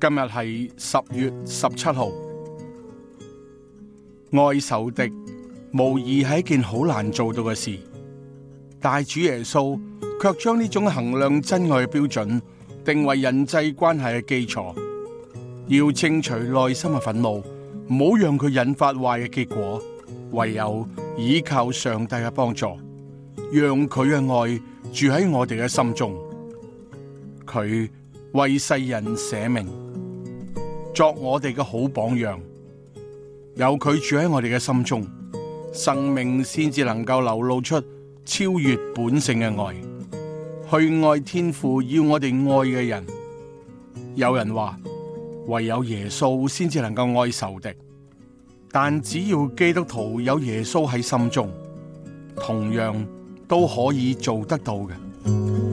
今日係十月十七號，愛仇敵無疑係一件好難做到嘅事，大主耶穌卻將呢種衡量真愛嘅標準定為人際關係嘅基礎。要清除內心嘅憤怒，唔好讓佢引發壞嘅結果，唯有依靠上帝嘅幫助，讓佢嘅愛住喺我哋嘅心中。佢為世人捨命。作我哋嘅好榜樣，有佢住喺我哋嘅心中，生命先至能夠流露出超越本性嘅愛，去愛天父要我哋愛嘅人。有人話，唯有耶穌先至能夠愛仇敵，但只要基督徒有耶穌喺心中，同樣都可以做得到嘅。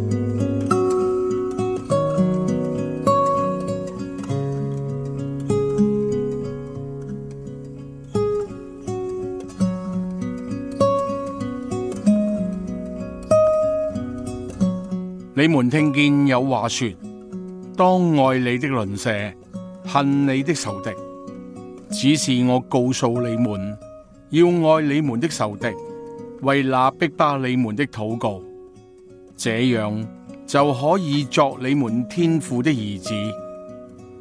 你們聽見有話說：當愛你的鄰舍，恨你的仇敵。只是我告訴你們，要愛你們的仇敵，為那逼迫你們的禱告。這樣就可以作你們天父的兒子，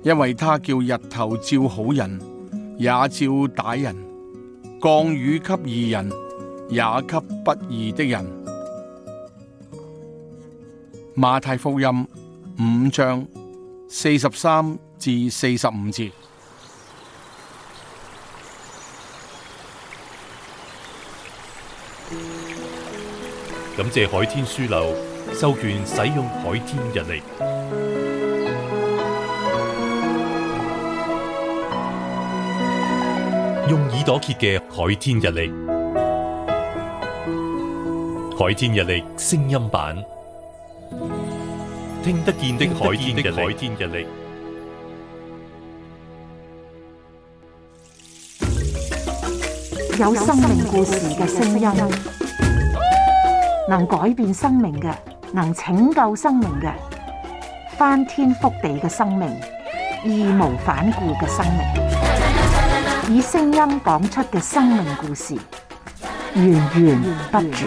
因為他叫日頭照好人也照歹人，降雨給義人也給不義的人。馬太福音五章四十三至四十五節。感謝海天書樓授權使用海天日曆，用耳朵揭嘅海天日曆，海天日曆聲音版。聽得見的海天日曆，有生命故事嘅聲音，能改變生命嘅，能拯救生命嘅，翻天覆地嘅生命，義無反顧嘅生命，以聲音講出嘅生命故事，源源不絕。